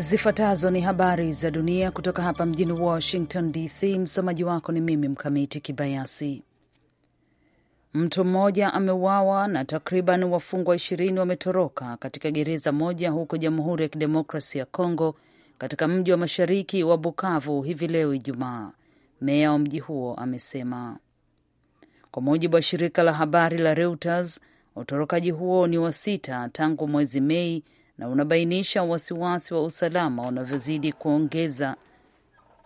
Zifuatazo ni habari za dunia kutoka hapa mjini Washington DC. Msomaji wako ni mimi Mkamiti Kibayasi. Mtu mmoja ameuawa na takriban wafungwa ishirini wametoroka katika gereza moja huko Jamhuri ya Kidemokrasi ya Kongo, katika mji wa mashariki wa Bukavu hivi leo Ijumaa, meya wa mji huo amesema, kwa mujibu wa shirika la habari la Reuters. Utorokaji huo ni wa sita tangu mwezi Mei na unabainisha wasiwasi wa usalama unavyozidi kuongeza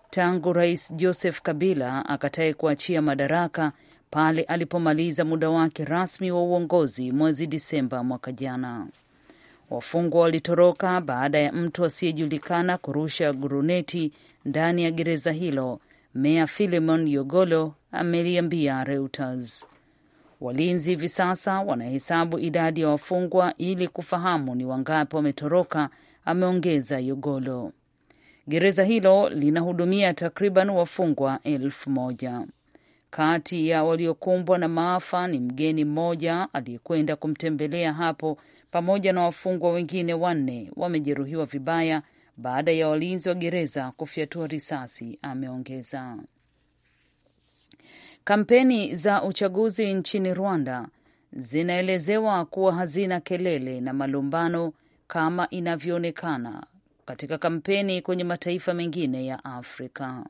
tangu Rais Joseph Kabila akatae kuachia madaraka pale alipomaliza muda wake rasmi wa uongozi mwezi Disemba mwaka jana. Wafungwa walitoroka baada ya mtu asiyejulikana kurusha guruneti ndani ya gereza hilo, meya Filemon Yogolo ameliambia Reuters. Walinzi hivi sasa wanahesabu idadi ya wafungwa ili kufahamu ni wangapi wametoroka, ameongeza Yogolo. Gereza hilo linahudumia takriban wafungwa elfu moja. Kati ya waliokumbwa na maafa ni mgeni mmoja aliyekwenda kumtembelea hapo, pamoja na wafungwa wengine wanne wamejeruhiwa vibaya baada ya walinzi wa gereza kufyatua risasi, ameongeza. Kampeni za uchaguzi nchini Rwanda zinaelezewa kuwa hazina kelele na malumbano kama inavyoonekana katika kampeni kwenye mataifa mengine ya Afrika.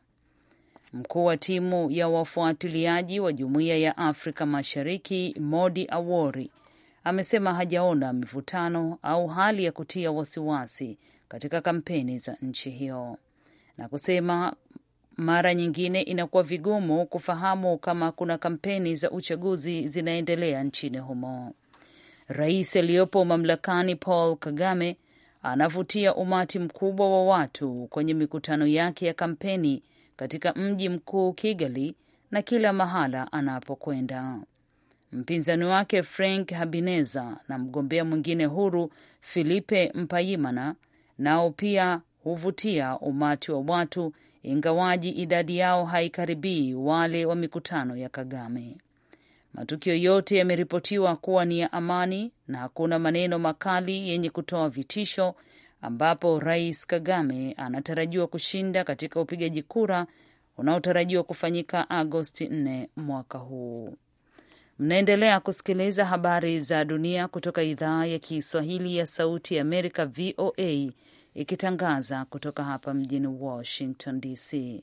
Mkuu wa timu ya wafuatiliaji wa Jumuiya ya Afrika Mashariki, Modi Awori, amesema hajaona mivutano au hali ya kutia wasiwasi katika kampeni za nchi hiyo na kusema mara nyingine inakuwa vigumu kufahamu kama kuna kampeni za uchaguzi zinaendelea nchini humo. Rais aliyopo mamlakani Paul Kagame anavutia umati mkubwa wa watu kwenye mikutano yake ya kampeni katika mji mkuu Kigali na kila mahala anapokwenda. Mpinzani wake Frank Habineza na mgombea mwingine huru Filipe Mpayimana nao pia huvutia umati wa watu ingawaji idadi yao haikaribii wale wa mikutano ya Kagame. Matukio yote yameripotiwa kuwa ni ya amani na hakuna maneno makali yenye kutoa vitisho, ambapo Rais Kagame anatarajiwa kushinda katika upigaji kura unaotarajiwa kufanyika Agosti 4 mwaka huu. Mnaendelea kusikiliza habari za dunia kutoka idhaa ya Kiswahili ya Sauti ya Amerika, VOA, ikitangaza kutoka hapa mjini Washington DC.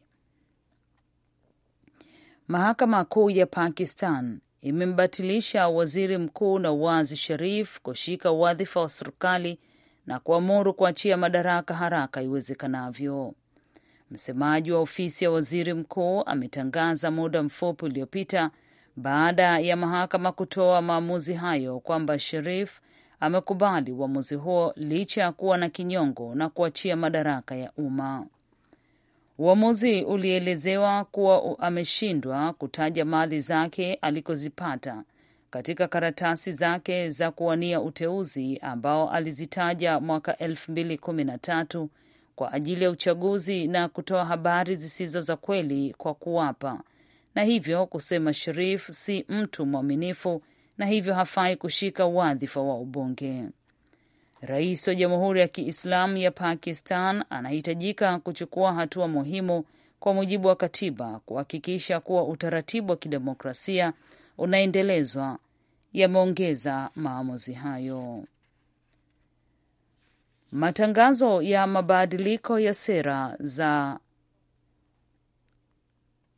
Mahakama Kuu ya Pakistan imembatilisha waziri mkuu Nawaz Sharif kushika wadhifa wa serikali na kuamuru kuachia madaraka haraka iwezekanavyo. Msemaji wa ofisi ya waziri mkuu ametangaza muda mfupi uliopita baada ya mahakama kutoa maamuzi hayo kwamba Sharif amekubali uamuzi huo licha ya kuwa na kinyongo na kuachia madaraka ya umma. Uamuzi ulielezewa kuwa ameshindwa kutaja mali zake alikozipata katika karatasi zake za kuwania uteuzi ambao alizitaja mwaka 2013 kwa ajili ya uchaguzi na kutoa habari zisizo za kweli kwa kuwapa, na hivyo kusema Sherif si mtu mwaminifu na hivyo hafai kushika wadhifa wa ubunge. Rais wa Jamhuri ya Kiislamu ya Pakistan anahitajika kuchukua hatua muhimu kwa mujibu wa katiba kuhakikisha kuwa utaratibu wa kidemokrasia unaendelezwa, yameongeza maamuzi hayo. Matangazo ya mabadiliko ya sera za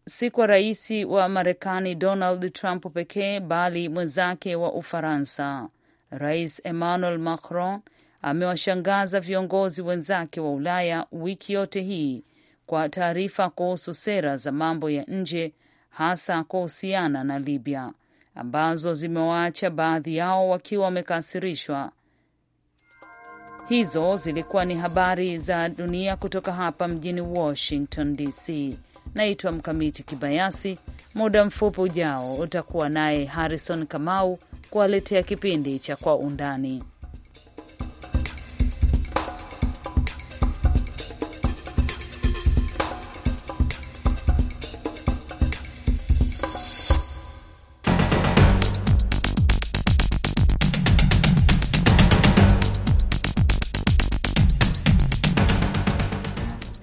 si kwa rais wa Marekani Donald Trump pekee bali mwenzake wa Ufaransa. Rais Emmanuel Macron amewashangaza viongozi wenzake wa Ulaya wiki yote hii kwa taarifa kuhusu sera za mambo ya nje, hasa kuhusiana na Libya, ambazo zimewaacha baadhi yao wakiwa wamekasirishwa. Hizo zilikuwa ni habari za dunia kutoka hapa mjini Washington DC. Naitwa Mkamiti Kibayasi. Muda mfupi ujao utakuwa naye Harrison Kamau kuwaletea kipindi cha Kwa Undani.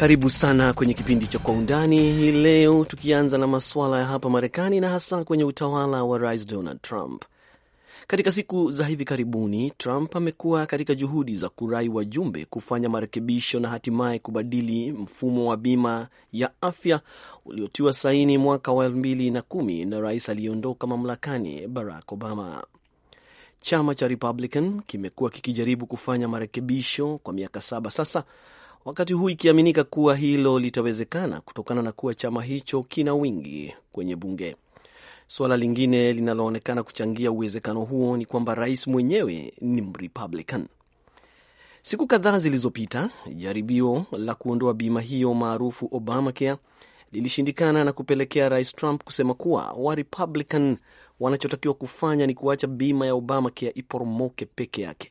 Karibu sana kwenye kipindi cha Kwa Undani hii leo, tukianza na masuala ya hapa Marekani na hasa kwenye utawala wa Rais Donald Trump. Katika siku za hivi karibuni, Trump amekuwa katika juhudi za kurai wajumbe kufanya marekebisho na hatimaye kubadili mfumo wa bima ya afya uliotiwa saini mwaka wa elfu mbili na kumi na rais aliyeondoka mamlakani Barack Obama. Chama cha Republican kimekuwa kikijaribu kufanya marekebisho kwa miaka saba sasa wakati huu ikiaminika kuwa hilo litawezekana kutokana na kuwa chama hicho kina wingi kwenye bunge. Suala lingine linaloonekana kuchangia uwezekano huo ni kwamba rais mwenyewe ni Mrepublican. Siku kadhaa zilizopita, jaribio la kuondoa bima hiyo maarufu Obamacare lilishindikana na kupelekea rais Trump kusema kuwa wa wanachotakiwa kufanya ni kuacha bima ya Obamacare iporomoke peke yake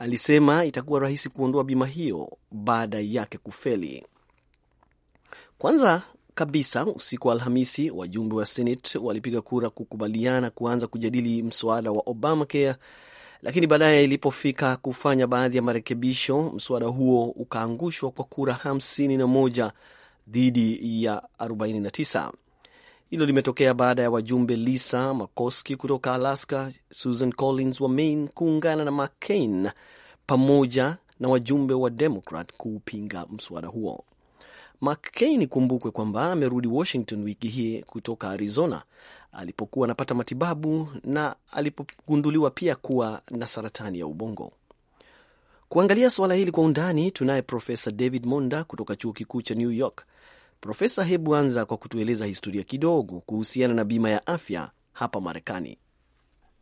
alisema itakuwa rahisi kuondoa bima hiyo baada yake kufeli. Kwanza kabisa, usiku wa Alhamisi, wajumbe wa Senate walipiga kura kukubaliana kuanza kujadili mswada wa Obamacare, lakini baadaye ilipofika kufanya baadhi ya marekebisho, mswada huo ukaangushwa kwa kura 51 dhidi ya 49. Hilo limetokea baada ya wajumbe Lisa Makoski kutoka Alaska, Susan Collins wa Maine kuungana na McCain pamoja na wajumbe wa Democrat kuupinga mswada huo. McCain ikumbukwe kwamba amerudi Washington wiki hii kutoka Arizona alipokuwa anapata matibabu na alipogunduliwa pia kuwa na saratani ya ubongo. Kuangalia suala hili kwa undani, tunaye Profesa David Monda kutoka chuo kikuu cha New York Profesa, hebu anza kwa kutueleza historia kidogo kuhusiana na bima ya afya hapa Marekani.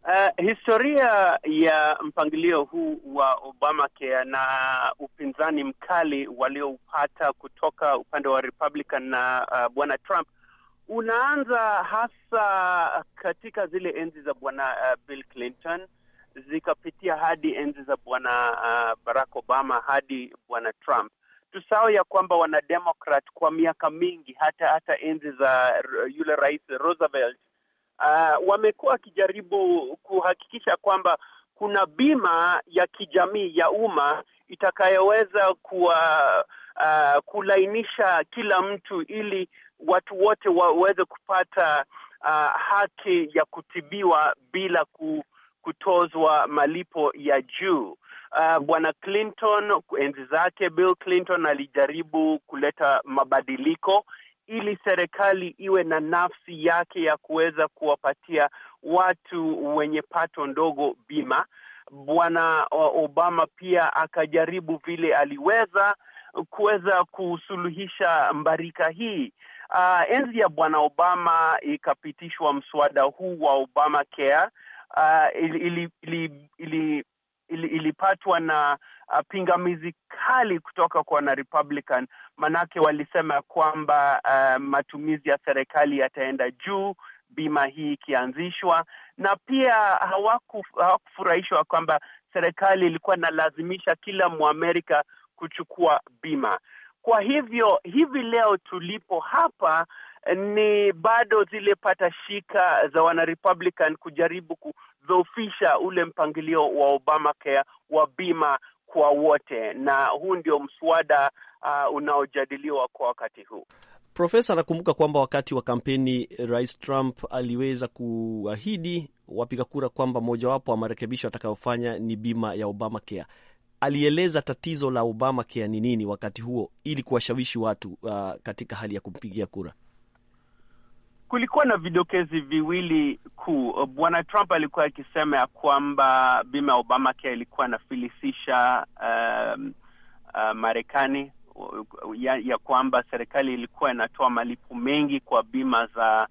Uh, historia ya mpangilio huu wa Obamacare na upinzani mkali walioupata kutoka upande wa Republican na uh, bwana Trump unaanza hasa katika zile enzi za bwana uh, Bill Clinton zikapitia hadi enzi za bwana uh, Barack Obama hadi bwana Trump tusahau ya kwamba wanademokrat kwa miaka mingi, hata hata enzi za yule rais Roosevelt, uh, wamekuwa wakijaribu kuhakikisha kwamba kuna bima ya kijamii ya umma itakayoweza kuwa uh, kulainisha kila mtu ili watu wote waweze kupata uh, haki ya kutibiwa bila ku, kutozwa malipo ya juu uh, bwana Clinton enzi zake Bill Clinton alijaribu kuleta mabadiliko ili serikali iwe na nafsi yake ya kuweza kuwapatia watu wenye pato ndogo bima. Bwana uh, Obama pia akajaribu vile aliweza kuweza kusuluhisha mbarika hii. Uh, enzi ya bwana Obama ikapitishwa mswada huu wa Obamacare. Uh, ili, ili, ili, ili ilipatwa na uh, pingamizi kali kutoka kwa wana Republican, manake walisema kwamba uh, matumizi ya serikali yataenda juu bima hii ikianzishwa, na pia hawakufurahishwa kwamba serikali ilikuwa inalazimisha kila Mwamerika kuchukua bima. Kwa hivyo hivi leo tulipo hapa eh, ni bado zile patashika za wana Republican kujaribu ku, kudhoofisha ule mpangilio wa Obamacare wa bima kwa wote, na huu ndio mswada uh, unaojadiliwa kwa wakati huu. Profesa, nakumbuka kwamba wakati wa kampeni Rais Trump aliweza kuahidi wapiga kura kwamba mojawapo wa marekebisho atakayofanya ni bima ya Obamacare. Alieleza tatizo la Obamacare ni nini wakati huo, ili kuwashawishi watu uh, katika hali ya kumpigia kura kulikuwa na vidokezi viwili kuu. Bwana Trump alikuwa akisema ya kwamba bima ya Obamacare ilikuwa anafilisisha um, uh, Marekani ya, ya kwamba serikali ilikuwa inatoa malipo mengi kwa bima za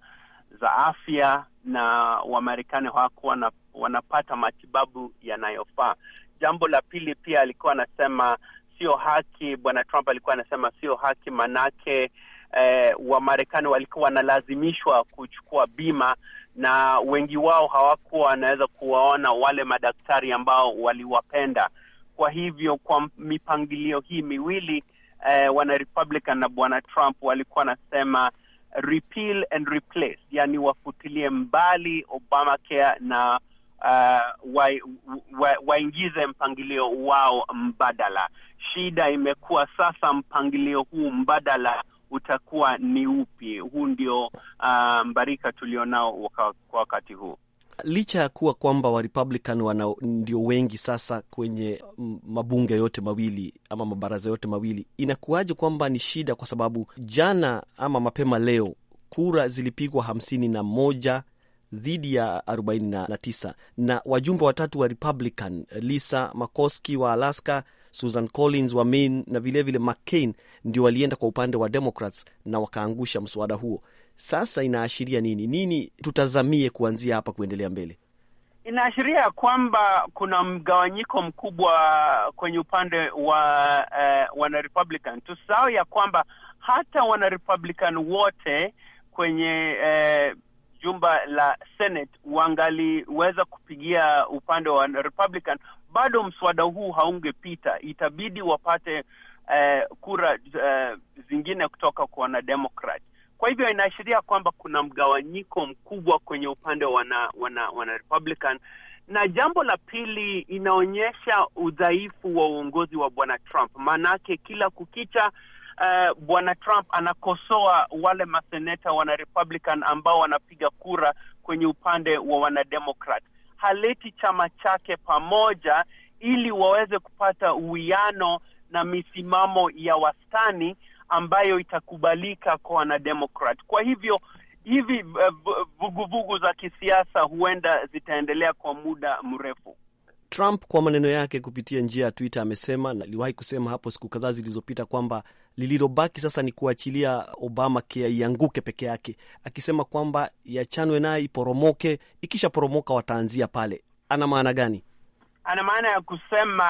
za afya na Wamarekani hawakuwa na, wanapata matibabu yanayofaa. Jambo la pili pia alikuwa anasema sio haki. Bwana Trump alikuwa anasema sio haki manake eh, wa Marekani walikuwa wanalazimishwa kuchukua bima, na wengi wao hawakuwa wanaweza kuwaona wale madaktari ambao waliwapenda. Kwa hivyo kwa mipangilio hii miwili eh, wana Republican na bwana Trump walikuwa wanasema repeal and replace, yani wafutilie mbali Obamacare na uh, eh, waingize wa, wa mpangilio wao mbadala. Shida imekuwa sasa mpangilio huu mbadala utakuwa ni upi? Huu ndio uh, mbarika tulionao kwa wakati huu licha ya kuwa kwamba wa Republican wana ndio wengi sasa kwenye mabunge yote mawili ama mabaraza yote mawili, inakuwaje kwamba ni shida? Kwa sababu jana ama mapema leo kura zilipigwa hamsini na moja dhidi ya arobaini na tisa na wajumbe watatu wa Republican Lisa Makoski wa Alaska Susan Collins wa Maine na vilevile McCain ndio walienda kwa upande wa Democrats na wakaangusha mswada huo. Sasa inaashiria nini? Nini tutazamie kuanzia hapa kuendelea mbele? Inaashiria kwamba kuna mgawanyiko mkubwa kwenye upande wa uh, eh, wanarepublican. Tusahau ya kwamba hata wanarepublican wote kwenye uh, jumba la Senate wangaliweza kupigia upande wa Republican bado mswada huu haungepita, itabidi wapate uh, kura uh, zingine kutoka kwa wanademokrat. Kwa hivyo inaashiria kwamba kuna mgawanyiko mkubwa kwenye upande wa wana, wana, wana Republican, na jambo la pili inaonyesha udhaifu wa uongozi wa bwana Trump, maanaake kila kukicha Uh, bwana Trump anakosoa wale maseneta wana Republican ambao wanapiga kura kwenye upande wa wanademokrat haleti chama chake pamoja ili waweze kupata uwiano na misimamo ya wastani ambayo itakubalika kwa wanademokrat. Kwa hivyo hivi eh, vuguvugu uh, vugu za kisiasa huenda zitaendelea kwa muda mrefu. Trump kwa maneno yake kupitia njia ya Twitter amesema na aliwahi kusema hapo siku kadhaa zilizopita kwamba lililobaki sasa ni kuachilia obama kea ianguke peke yake, akisema kwamba yachanwe naye iporomoke. Ikishaporomoka wataanzia pale. Ana maana gani? Ana maana ya kusema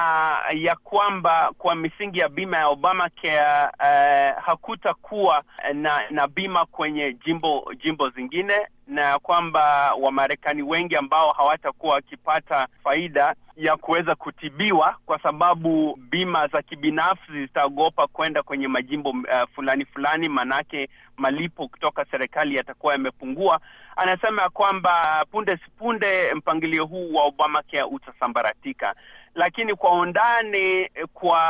ya kwamba kwa misingi ya bima ya kea eh, hakutakuwa na, na bima kwenye jimbo jimbo zingine na kwamba Wamarekani wengi ambao hawatakuwa wakipata faida ya kuweza kutibiwa kwa sababu bima za kibinafsi zitaogopa kwenda kwenye majimbo uh, fulani fulani, manake malipo kutoka serikali yatakuwa yamepungua. Anasema ya kwamba punde sipunde mpangilio huu wa Obamacare utasambaratika, lakini kwa undani eh, kwa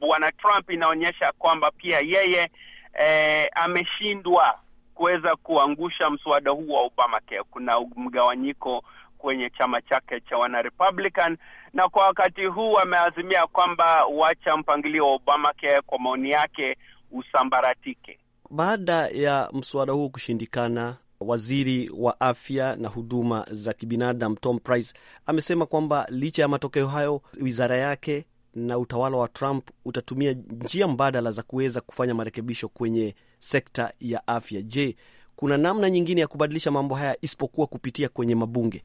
bwana Trump inaonyesha kwamba pia yeye eh, ameshindwa kuweza kuangusha mswada huu wa Obamacare. Kuna mgawanyiko kwenye chama chake cha wana Republican, na kwa wakati huu ameazimia kwamba wacha mpangilio wa Obamacare kwa maoni yake usambaratike. Baada ya mswada huu kushindikana, waziri wa afya na huduma za kibinadamu Tom Price amesema kwamba licha ya matokeo hayo, wizara yake na utawala wa Trump utatumia njia mbadala za kuweza kufanya marekebisho kwenye sekta ya afya. Je, kuna namna nyingine ya kubadilisha mambo haya isipokuwa kupitia kwenye mabunge?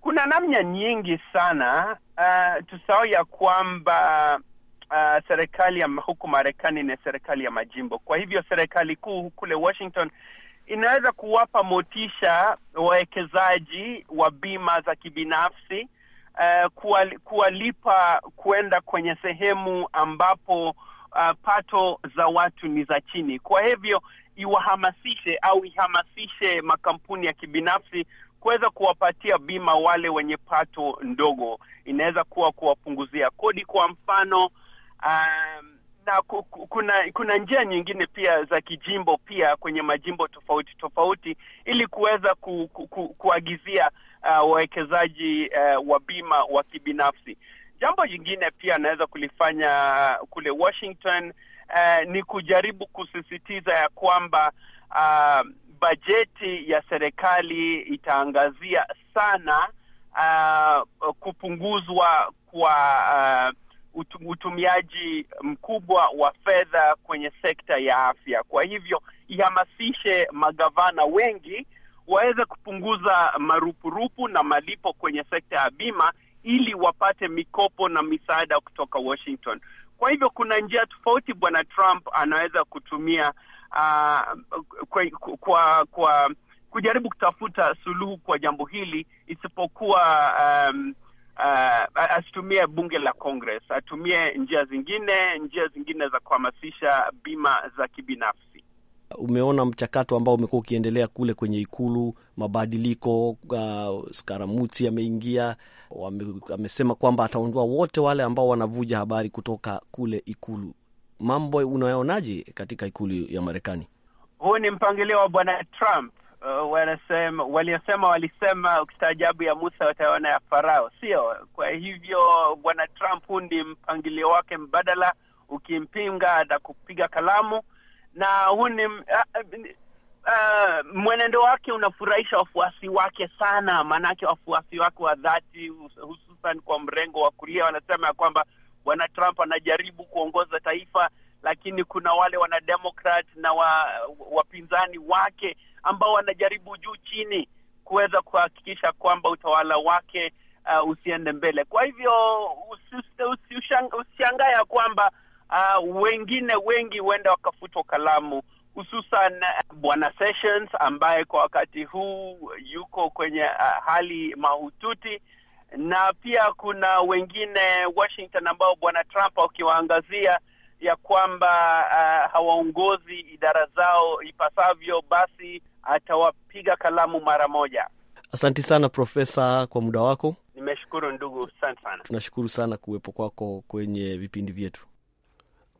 Kuna namna nyingi sana. Uh, tusahau ya kwamba uh, serikali ya huku Marekani ni serikali ya majimbo. Kwa hivyo serikali kuu kule Washington inaweza kuwapa motisha wawekezaji wa bima za kibinafsi uh, kuwalipa kuenda kwenye sehemu ambapo uh, pato za watu ni za chini. Kwa hivyo iwahamasishe au ihamasishe makampuni ya kibinafsi kuweza kuwapatia bima wale wenye pato ndogo. Inaweza kuwa kuwapunguzia kodi kwa mfano, um, na kuna kuna njia nyingine pia za kijimbo pia kwenye majimbo tofauti tofauti, ili kuweza ku, ku, ku, kuagizia uh, wawekezaji uh, wa bima wa kibinafsi. Jambo jingine pia anaweza kulifanya kule Washington uh, ni kujaribu kusisitiza ya kwamba uh, bajeti ya serikali itaangazia sana uh, kupunguzwa kwa uh, utumiaji mkubwa wa fedha kwenye sekta ya afya. Kwa hivyo ihamasishe magavana wengi waweze kupunguza marupurupu na malipo kwenye sekta ya bima ili wapate mikopo na misaada kutoka Washington. Kwa hivyo kuna njia tofauti bwana Trump anaweza kutumia uh, kwa, kwa, kwa kujaribu kutafuta suluhu kwa jambo hili isipokuwa um, uh, asitumie bunge la Congress, atumie njia zingine, njia zingine za kuhamasisha bima za kibinafsi umeona mchakato ambao umekuwa ukiendelea kule kwenye Ikulu, mabadiliko. Uh, Skaramuti ameingia, amesema kwamba ataondoa wote wale ambao wanavuja habari kutoka kule Ikulu. Mambo unayaonaje katika Ikulu ya Marekani? Huu ni mpangilio wa bwana Trump. Uh, wanasema waliosema walisema ukistaajabu ya Musa wataona ya Farao, sio? Kwa hivyo bwana Trump, huu ndi mpangilio wake mbadala. Ukimpinga atakupiga kalamu na huu ah, ah, ni uh, uh, mwenendo wake unafurahisha wafuasi wake sana, maanake wafuasi wake wa dhati, hususan kwa mrengo wa kulia, wanasema ya kwamba bwana Trump anajaribu kuongoza taifa, lakini kuna wale wanademokrat na wa, wapinzani wake ambao wanajaribu juu chini kuweza kuhakikisha kwamba utawala wake uh, usiende mbele. Kwa hivyo usiushangaa usi, usi, ya kwamba uh, wengine wengi huenda wakafutwa kalamu, hususan eh, bwana Sessions ambaye kwa wakati huu yuko kwenye uh, hali mahututi, na pia kuna wengine Washington ambao bwana Trump akiwaangazia ya kwamba uh, hawaongozi idara zao ipasavyo, basi atawapiga kalamu mara moja. Asante sana Profesa kwa muda wako. Nimeshukuru ndugu, asante sana. Tunashukuru sana kuwepo kwako kwenye vipindi vyetu.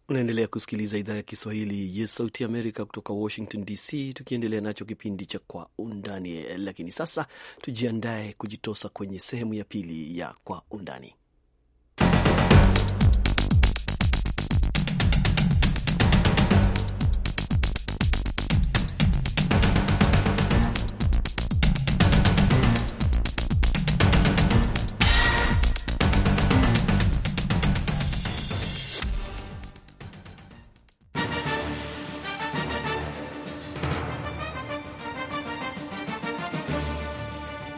Unaendelea kusikiliza idhaa ya Kiswahili ya Sauti Amerika kutoka Washington DC, tukiendelea nacho kipindi cha Kwa Undani. Lakini sasa tujiandae kujitosa kwenye sehemu ya pili ya Kwa Undani.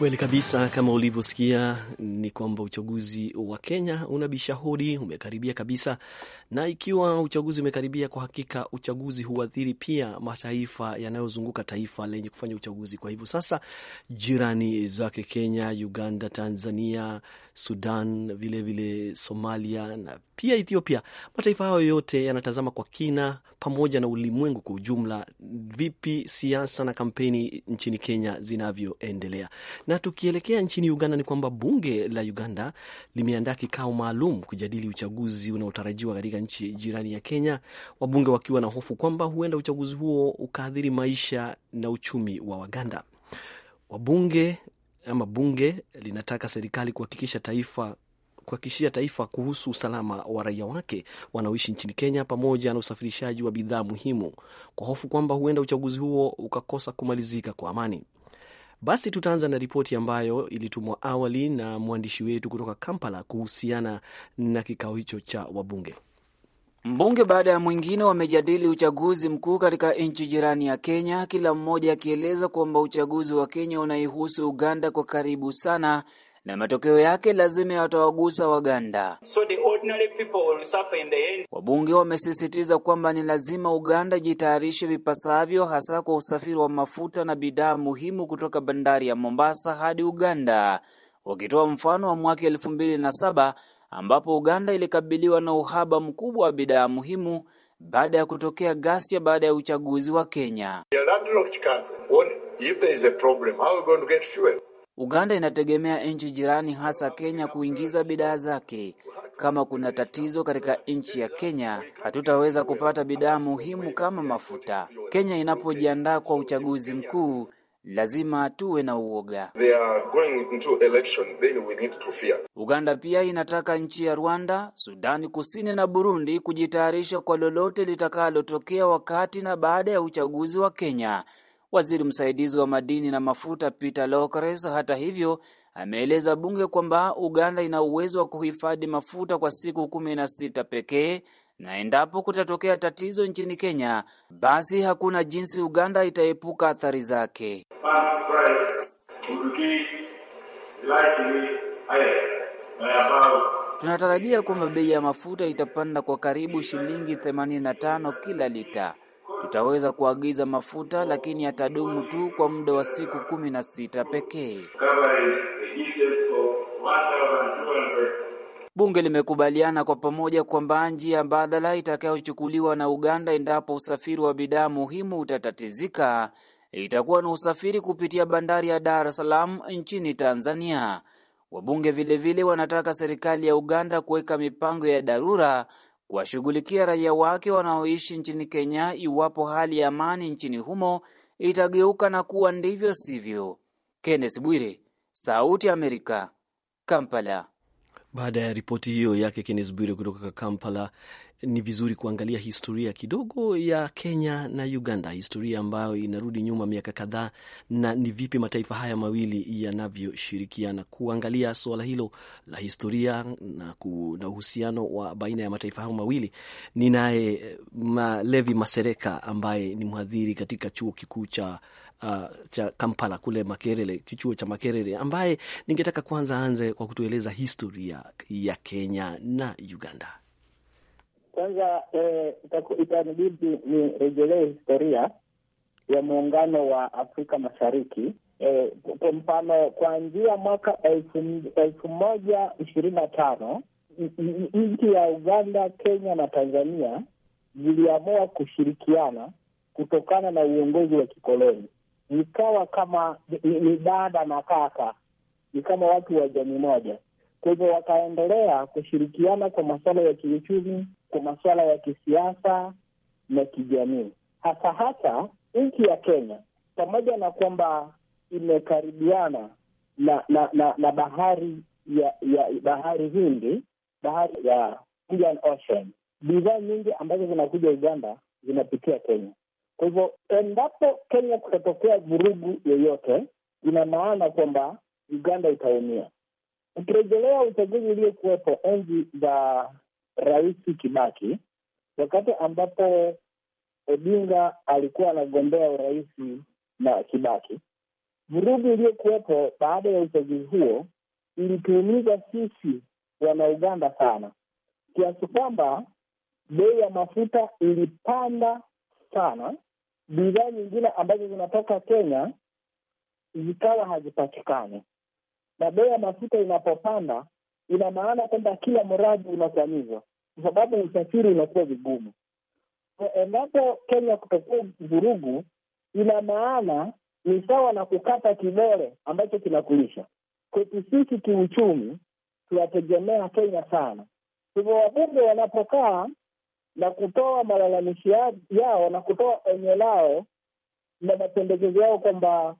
Kweli kabisa kama ulivyosikia ni kwamba uchaguzi wa Kenya unabisha hodi, umekaribia kabisa, na ikiwa uchaguzi umekaribia, kwa hakika uchaguzi huathiri pia mataifa yanayozunguka taifa lenye kufanya uchaguzi. Kwa hivyo sasa jirani zake Kenya, Uganda, Tanzania, Sudan, vilevile vile Somalia na pia Ethiopia, mataifa hayo yote yanatazama kwa kina, pamoja na ulimwengu kwa ujumla, vipi siasa na kampeni nchini Kenya zinavyoendelea. Na tukielekea nchini Uganda, ni kwamba bunge la Uganda limeandaa kikao maalum kujadili uchaguzi unaotarajiwa katika nchi jirani ya Kenya, wabunge wakiwa na hofu kwamba huenda uchaguzi huo ukaathiri maisha na uchumi wa Waganda. Wabunge ama bunge linataka serikali kuhakikisha taifa kuhakikishia taifa kuhusu usalama wa raia wake wanaoishi nchini Kenya pamoja na usafirishaji wa bidhaa muhimu kwa hofu kwamba huenda uchaguzi huo ukakosa kumalizika kwa amani. Basi tutaanza na ripoti ambayo ilitumwa awali na mwandishi wetu kutoka Kampala kuhusiana na kikao hicho cha wabunge. Mbunge baada ya mwingine wamejadili uchaguzi mkuu katika nchi jirani ya Kenya, kila mmoja akieleza kwamba uchaguzi wa Kenya unaihusu Uganda kwa karibu sana na matokeo yake lazima yatawagusa Waganda. So the ordinary people will suffer in the end. Wabunge wamesisitiza kwamba ni lazima Uganda jitayarishe vipasavyo, hasa kwa usafiri wa mafuta na bidhaa muhimu kutoka bandari ya Mombasa hadi Uganda, wakitoa mfano wa mwaka elfu mbili na saba ambapo Uganda ilikabiliwa na uhaba mkubwa wa bidhaa muhimu baada ya kutokea ghasia baada ya uchaguzi wa Kenya. Uganda inategemea nchi jirani hasa Kenya kuingiza bidhaa zake. Kama kuna tatizo katika nchi ya Kenya, hatutaweza kupata bidhaa muhimu kama mafuta. Kenya inapojiandaa kwa uchaguzi mkuu, lazima tuwe na uoga. Uganda pia inataka nchi ya Rwanda, Sudani Kusini na Burundi kujitayarisha kwa lolote litakalotokea wakati na baada ya uchaguzi wa Kenya. Waziri msaidizi wa madini na mafuta Peter Lokres, hata hivyo, ameeleza bunge kwamba Uganda ina uwezo wa kuhifadhi mafuta kwa siku kumi na sita pekee na endapo kutatokea tatizo nchini Kenya, basi hakuna jinsi Uganda itaepuka athari zake. Tunatarajia kwamba bei ya mafuta itapanda kwa karibu shilingi 85 kila lita. Tutaweza kuagiza mafuta lakini yatadumu tu kwa muda wa siku kumi na sita pekee. Bunge limekubaliana kwa pamoja kwamba njia mbadala itakayochukuliwa na Uganda endapo usafiri wa bidhaa muhimu utatatizika itakuwa na usafiri kupitia bandari ya Dar es Salaam nchini Tanzania. Wabunge vilevile vile wanataka serikali ya Uganda kuweka mipango ya dharura kuwashughulikia raia wake wanaoishi nchini Kenya iwapo hali ya amani nchini humo itageuka na kuwa ndivyo sivyo. Kenneth Bwire, Sauti ya Amerika, Kampala. Baada ya ripoti hiyo yake Kenneth Bwire kutoka Kampala ni vizuri kuangalia historia kidogo ya Kenya na Uganda, historia ambayo inarudi nyuma miaka kadhaa, na ni vipi mataifa haya mawili yanavyoshirikiana, kuangalia suala hilo la historia na, ku, na uhusiano wa baina ya mataifa hayo mawili. Ninaye eh, ma, Levi Masereka ambaye ni mhadhiri katika chuo kikuu cha Uh, cha Kampala kule Makerere, kichuo cha Makerere, ambaye ningetaka kwanza aanze kwa kutueleza historia ya Kenya na Uganda. Kwanza eh, itanibidi nirejelee historia ya muungano wa Afrika Mashariki eh, kwa mfano kuanzia mwaka elfu, elfu moja ishirini na tano nchi ya Uganda, Kenya na Tanzania ziliamua kushirikiana kutokana na uongozi wa kikoloni, ikawa kama ni dada na kaka, ni kama watu wa jamii moja. Kwa hivyo wakaendelea kushirikiana kwa masuala ya kiuchumi, kwa masuala ya kisiasa na kijamii, hasa hasa nchi ya Kenya, pamoja na kwamba imekaribiana na na, na na bahari ya, ya bahari Hindi, bahari ya Indian Ocean. Bidhaa nyingi ambazo zinakuja Uganda zinapitia Kenya. Kwa hivyo endapo Kenya kutatokea vurugu yoyote, ina maana kwamba Uganda itaumia. Ukirejelea uchaguzi uliokuwepo enzi za Rais Kibaki wakati ambapo Odinga alikuwa anagombea urais na Kibaki. Vurugu iliyokuwepo baada ya uchaguzi huo ilituumiza sisi Wanauganda sana, kiasi kwamba bei ya mafuta ilipanda sana, bidhaa nyingine ambazo zinatoka Kenya zikawa hazipatikani. Na bei ya mafuta inapopanda, ina maana kwamba kila mradi unakwamizwa kwa sababu usafiri unakuwa vigumu. Endapo Kenya kutokua vurugu, ina maana ni sawa na kukata kidole ambacho kinakulisha. Kwetu sisi kiuchumi tunategemea Kenya sana, hivyo wabunge wanapokaa na kutoa malalamishi yao na kutoa onyo lao na mapendekezo yao kwamba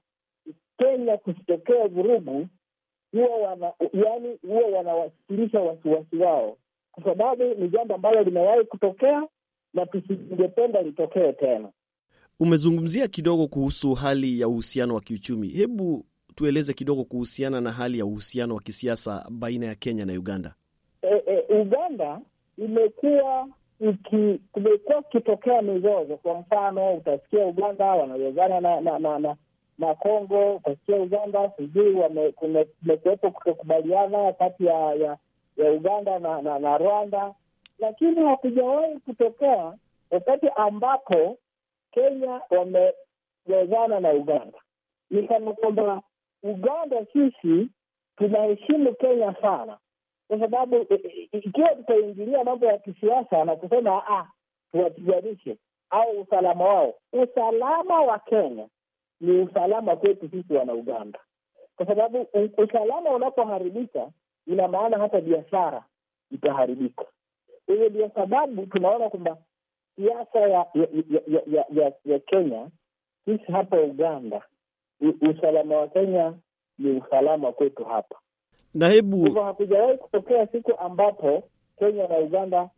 Kenya kusitokea vurugu, huwa wana, yani huwa wanawasilisha wasiwasi wao kwa sababu ni jambo ambalo limewahi kutokea na tusingependa litokee tena. Umezungumzia kidogo kuhusu hali ya uhusiano wa kiuchumi. Hebu tueleze kidogo kuhusiana na hali ya uhusiano wa kisiasa baina ya Kenya na Uganda. E, e, Uganda imekuwa kumekuwa kitokea mizozo. Kwa mfano, utasikia Uganda wanawezana na na, na, na na Kongo, utasikia Uganda sijui kumekuwepo kutokubaliana kati ya ya ya Uganda na, na, na Rwanda, lakini hakujawahi kutokea wakati ambapo Kenya wamewezana na Uganda. Ni kama kwamba Uganda sisi tunaheshimu Kenya sana, kwa sababu e, e, e, ikiwa tutaingilia mambo ya kisiasa na kusema ah, ah, tuwapiganishe au usalama wao, usalama wa Kenya ni usalama kwetu sisi wana Uganda, kwa sababu usalama unapoharibika ina maana hata biashara itaharibika. Kwa hiyo ndio sababu tunaona kwamba siasa ya ya, ya, ya, ya ya Kenya, sisi hapa Uganda, usalama wa Kenya ni usalama kwetu hapa, na hebu hivyo, hakujawahi kutokea siku ambapo Kenya na Uganda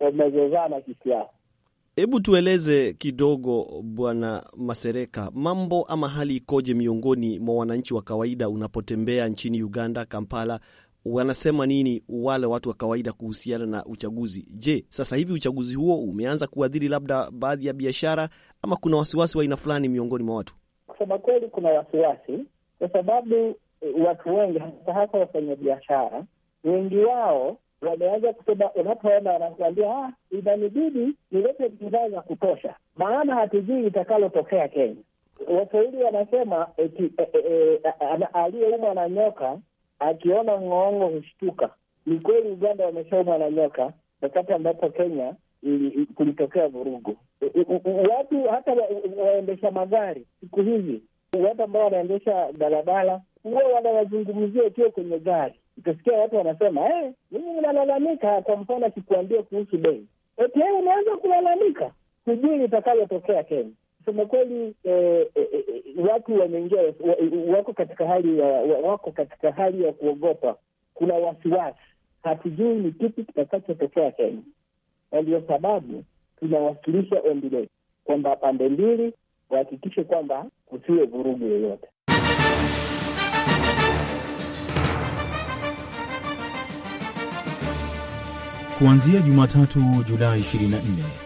wamezozana kisiasa. Hebu tueleze kidogo Bwana Masereka, mambo ama hali ikoje miongoni mwa wananchi wa kawaida unapotembea nchini Uganda, Kampala wanasema nini wale watu wa kawaida kuhusiana na uchaguzi? Je, sasa hivi uchaguzi huo umeanza kuadhiri labda baadhi ya biashara ama kuna wasiwasi wa aina fulani miongoni mwa watu? Kusema kweli, kuna wasiwasi kwa sababu eh, watu wengi hasa hasa wafanyabiashara wengi wao wameanza kusema, unapoona wanakuambia ah, inanibidi nilete bidhaa za kutosha, maana hatujui itakalotokea Kenya. Waswahili wanasema eti eh, eh, aliyeumwa na nyoka akiona ng'oong'o hushtuka. Ni kweli Uganda wameshaumwa na nyoka wakati ambapo Kenya kulitokea vurugu. Watu hata waendesha magari siku hizi, watu ambao wanaendesha daladala huwa wanawazungumzia ukiwa kwenye gari, utasikia watu wanasema eh, mimi nalalamika. Kwa mfano, sikuambia kuhusu bei, eti eh, unaweza kulalamika, sijui litakalotokea Kenya kusema kweli eh, eh, eh, eh watu wameingia wako katika hali ya wako katika hali ya kuogopa. Kuna wasiwasi, hatujui ni kipi kitakachotokea Kenya, na ndio sababu tunawasilisha ombi letu kwamba pande mbili wahakikishe kwamba kusiwe vurugu yoyote. Kuanzia Jumatatu Julai 24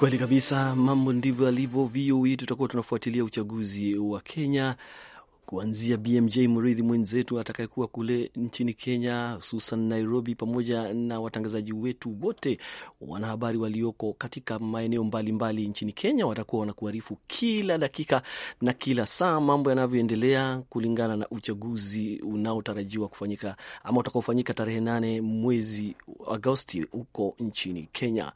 Kweli kabisa, mambo ndivyo alivyo. vo e tutakuwa tunafuatilia uchaguzi wa Kenya kuanzia BMJ Mridhi mwenzetu atakayekuwa kule nchini Kenya, hususan Nairobi, pamoja na watangazaji wetu wote, wanahabari walioko katika maeneo mbalimbali nchini Kenya watakuwa wanakuarifu kila dakika na kila saa mambo yanavyoendelea kulingana na uchaguzi unaotarajiwa kufanyika ama utakaofanyika tarehe nane mwezi Agosti huko nchini Kenya.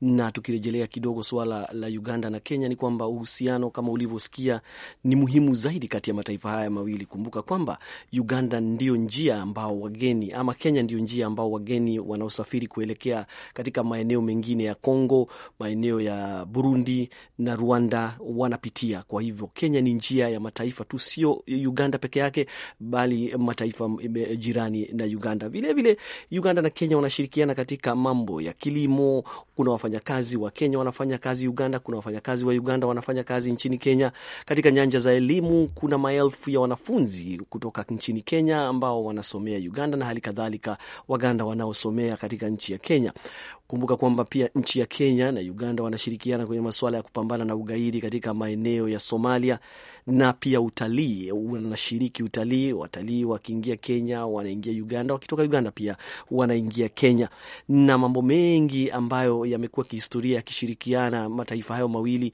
Na tukirejelea kidogo suala la Uganda na Kenya, ni kwamba uhusiano kama ulivyosikia ni muhimu zaidi kati ya mataifa haya mawili. Kumbuka kwamba Uganda ndio njia ambao wageni ama Kenya ndio njia ambao wageni wanaosafiri kuelekea katika maeneo mengine ya congo maeneo ya Burundi na Rwanda wanapitia. Kwa hivyo Kenya ni njia ya mataifa tu, sio Uganda peke yake, bali mataifa eh, jirani na Uganda vilevile. Vile Uganda na Kenya wanashirikiana katika mambo ya kilimo. Kuna wafanyakazi wa Kenya wanafanya kazi Uganda, kuna wafanyakazi wa Uganda wanafanya kazi nchini Kenya. Katika nyanja za elimu kuna maelfu maelfu ya wanafunzi kutoka nchini Kenya ambao wanasomea Uganda na hali kadhalika Waganda wanaosomea katika nchi ya Kenya. Kumbuka kwamba pia nchi ya Kenya na Uganda wanashirikiana kwenye masuala ya kupambana na ugaidi katika maeneo ya Somalia na pia utalii, wanashiriki utalii, watalii wakiingia Kenya wanaingia Uganda, wakitoka Uganda pia wanaingia Kenya, na mambo mengi ambayo yamekuwa kihistoria yakishirikiana mataifa hayo mawili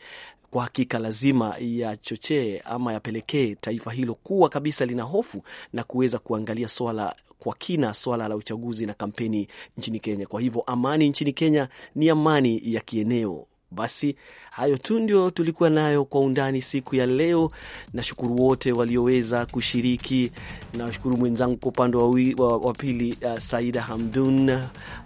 kwa hakika lazima yachochee ama yapelekee taifa hilo kuwa kabisa lina hofu na kuweza kuangalia swala kwa kina swala la uchaguzi na kampeni nchini Kenya. Kwa hivyo amani nchini Kenya ni amani ya kieneo basi hayo tu ndio tulikuwa nayo kwa undani siku ya leo. Nashukuru wote walioweza kushiriki. Nawashukuru mwenzangu kwa upande wa pili uh, Saida Hamdun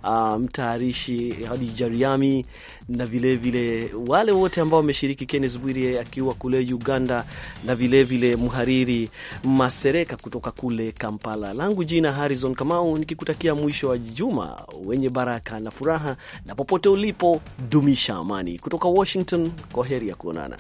uh, mtayarishi Hadi Jariami na vilevile vile, wale wote ambao wameshiriki, Kennes Bwiri akiwa kule Uganda na vilevile vile, mhariri Masereka kutoka kule Kampala. Langu jina Harrison Kamau, nikikutakia mwisho wa juma wenye baraka na furaha, na popote ulipo dumisha amani kutoka Washington. Kwa heri ya kuonana.